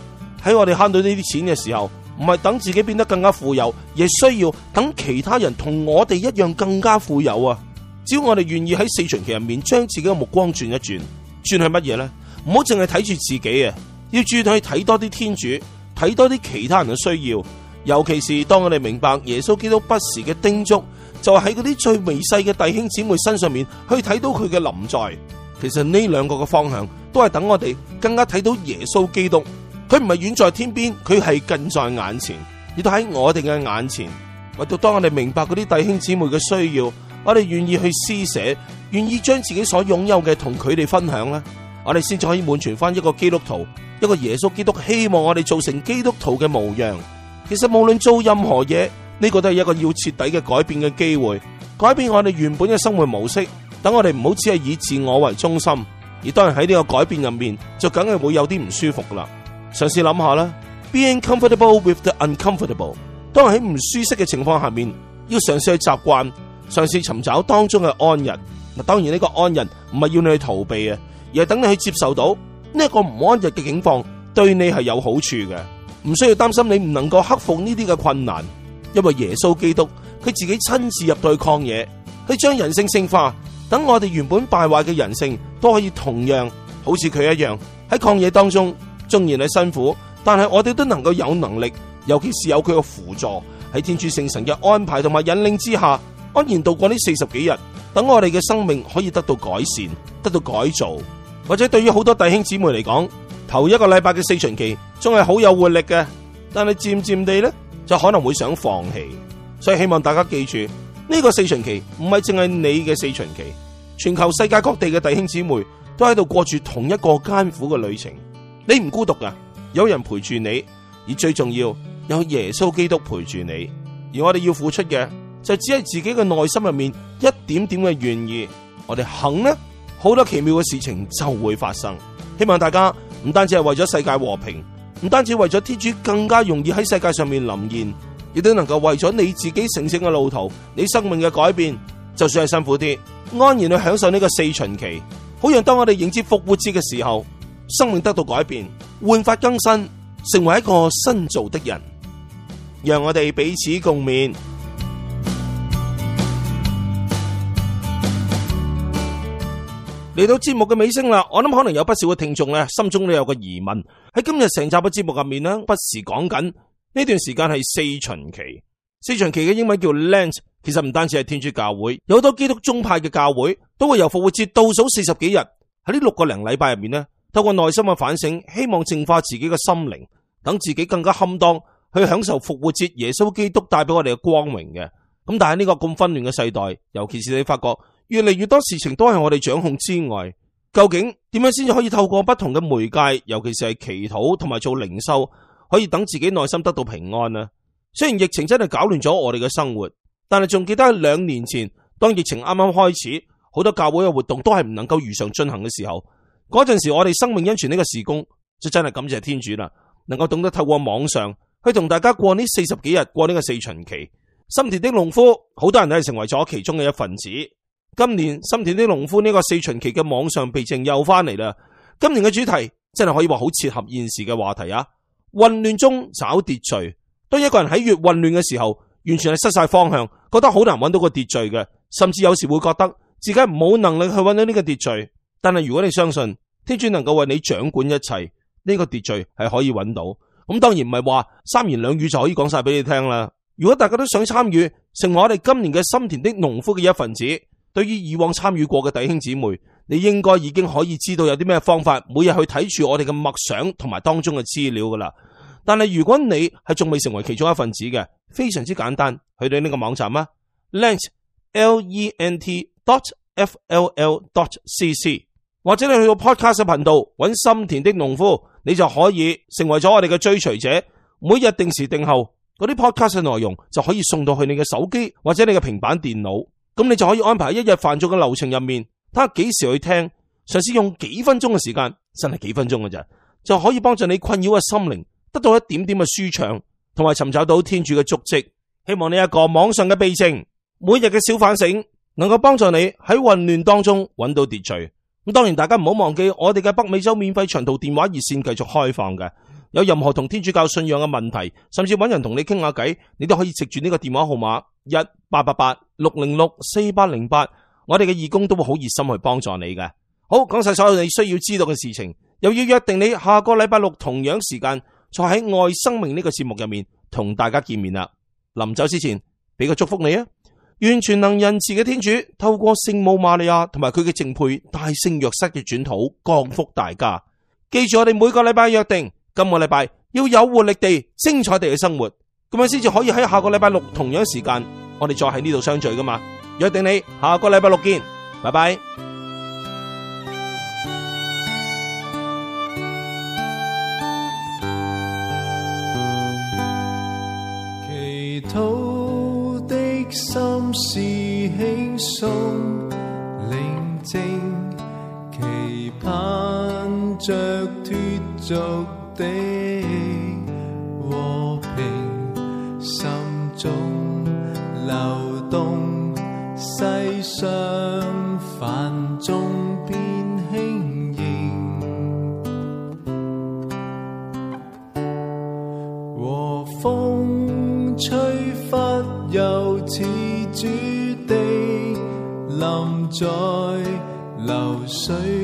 喺我哋慳到呢啲錢嘅時候，唔係等自己變得更加富有，亦需要等其他人同我哋一樣更加富有啊！只要我哋願意喺四旬期入面，將自己嘅目光轉一轉。轉係乜嘢呢？唔好淨係睇住自己啊！要注意去睇多啲天主，睇多啲其他人嘅需要。尤其是當我哋明白耶穌基督不時嘅叮囑，就喺嗰啲最微細嘅弟兄姊妹身上面，去睇到佢嘅臨在。其實呢兩個嘅方向，都係等我哋更加睇到耶穌基督。佢唔係遠在天邊，佢係近在眼前，亦都喺我哋嘅眼前。唯獨當我哋明白嗰啲弟兄姊妹嘅需要。我哋願意去施捨，願意將自己所擁有嘅同佢哋分享咧，我哋先至可以滿全翻一個基督徒，一個耶穌基督希望我哋做成基督徒嘅模樣。其實無論做任何嘢，呢個都係一個要徹底嘅改變嘅機會，改變我哋原本嘅生活模式，等我哋唔好只係以自我為中心。而當人喺呢個改變入面，就梗係會有啲唔舒服啦。嘗試諗下啦，Being comfortable with the uncomfortable，當人喺唔舒適嘅情況下面，要嘗試去習慣。嘗試尋找當中嘅安逸，嗱，當然呢個安逸唔係要你去逃避啊，而係等你去接受到呢一個唔安逸嘅境況對你係有好處嘅。唔需要擔心你唔能夠克服呢啲嘅困難，因為耶穌基督佢自己親自入對抗野，去將人性聖化，等我哋原本敗壞嘅人性都可以同樣好似佢一樣喺抗野當中，縱然你辛苦，但係我哋都能夠有能力，尤其是有佢嘅輔助喺天主聖神嘅安排同埋引領之下。安然度過呢四十幾日，等我哋嘅生命可以得到改善、得到改造，或者對於好多弟兄姊妹嚟講，頭一個禮拜嘅四旬期仲係好有活力嘅。但係漸漸地咧，就可能會想放棄。所以希望大家記住，呢個四旬期唔係淨係你嘅四旬期，全球世界各地嘅弟兄姊妹都喺度過住同一個艱苦嘅旅程。你唔孤獨呀，有人陪住你，而最重要有耶穌基督陪住你。而我哋要付出嘅。就只係自己嘅內心入面一點點嘅願意，我哋肯呢，好多奇妙嘅事情就會發生。希望大家唔單止係為咗世界和平，唔單止為咗天主更加容易喺世界上面臨現，亦都能夠為咗你自己成聖嘅路途，你生命嘅改變，就算係辛苦啲，安然去享受呢個四旬期，好讓當我哋迎接復活節嘅時候，生命得到改變，煥發更新，成為一個新造的人。讓我哋彼此共勉。嚟到節目嘅尾聲啦，我諗可能有不少嘅聽眾咧，心中都有個疑問。喺今日成集嘅節目入面呢，不時講緊呢段時間係四旬期，四旬期嘅英文叫 Lent，其實唔單止係天主教會，有好多基督宗派嘅教會都會由復活節倒數四十幾日，喺呢六個零禮拜入面呢，透過內心嘅反省，希望淨化自己嘅心靈，等自己更加堪當去享受復活節耶穌基督帶俾我哋嘅光榮嘅。咁但係呢個咁紛亂嘅世代，尤其是你發覺。越嚟越多事情都係我哋掌控之外，究竟點樣先至可以透過不同嘅媒介，尤其是係祈禱同埋做靈修，可以等自己內心得到平安呢？雖然疫情真係搞亂咗我哋嘅生活，但係仲記得兩年前當疫情啱啱開始，好多教會嘅活動都係唔能夠如常進行嘅時候，嗰陣時候我哋生命恩泉呢個時工就真係感謝天主啦，能夠懂得透過網上去同大家過呢四十幾日過呢個四旬期。心田的農夫，好多人都係成為咗其中嘅一份子。今年心田的農夫呢個四旬期嘅網上避靜又翻嚟啦。今年嘅主題真係可以話好切合現時嘅話題啊。混亂中找秩序，當一個人喺越混亂嘅時候，完全係失晒方向，覺得好難揾到個秩序嘅，甚至有時會覺得自己冇能力去揾到呢個秩序。但係如果你相信天主能夠為你掌管一切，呢個秩序係可以揾到。咁當然唔係話三言兩語就可以講晒俾你聽啦。如果大家都想參與，成為我哋今年嘅心田的農夫嘅一份子。對於以往參與過嘅弟兄姊妹，你應該已經可以知道有啲咩方法，每日去睇住我哋嘅默想同埋當中嘅資料噶啦。但係如果你係仲未成為其中一份子嘅，非常之簡單，去到呢個網站啊，lent l e n t dot f l l dot c c，或者你去到 podcast 頻道搵心田的農夫，你就可以成為咗我哋嘅追隨者，每日定時定候嗰啲 podcast 嘅內容就可以送到去你嘅手機或者你嘅平板電腦。咁你就可以安排一日飯縱嘅流程入面，睇下幾時去聽，嘗試用幾分鐘嘅時間，真係幾分鐘嘅咋，就可以幫助你困擾嘅心靈得到一點點嘅舒暢，同埋尋找到天主嘅足跡。希望你一個網上嘅避靜，每日嘅小反省，能夠幫助你喺混亂當中揾到秩序。咁當然，大家唔好忘記我哋嘅北美洲免費長途電話熱線繼續開放嘅。有任何同天主教信仰嘅問題，甚至搵人同你傾下偈，你都可以直住呢個電話號碼一八八八六零六四八零八。我哋嘅義工都會好熱心去幫助你嘅。好，講晒所有你需要知道嘅事情，又要約定你下個禮拜六同樣時間坐喺愛生命呢個節目入面同大家見面啦。臨走之前俾個祝福你啊！願全能仁慈嘅天主透過聖母瑪利亞同埋佢嘅淨配大聖若瑟嘅轉禱降福大家。記住我哋每個禮拜約定。今個禮拜要有活力地、精彩地去生活，咁樣先至可以喺下個禮拜六同樣時間，我哋再喺呢度相聚噶嘛？約定你下個禮拜六見，拜拜。祈禱的心事輕鬆寧靜，期盼着脫俗。的和平，心中流動，世上繁重變輕盈，和風吹拂，又似主地臨在流水。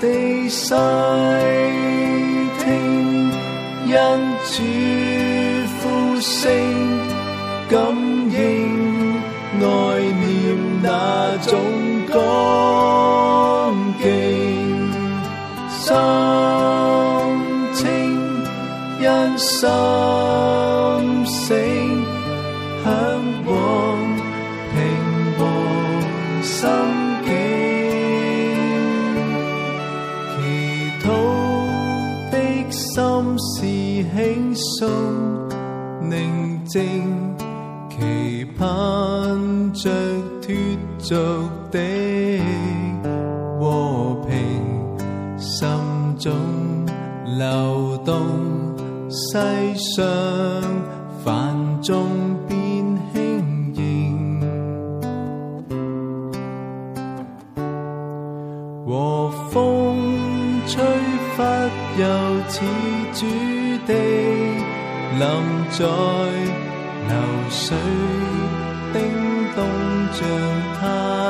地細聽，因主呼聲，感應愛念，那種恭敬，心清一生。俗地和平，心中流動，世上繁重變輕盈，和風吹拂，又似主地臨在流水。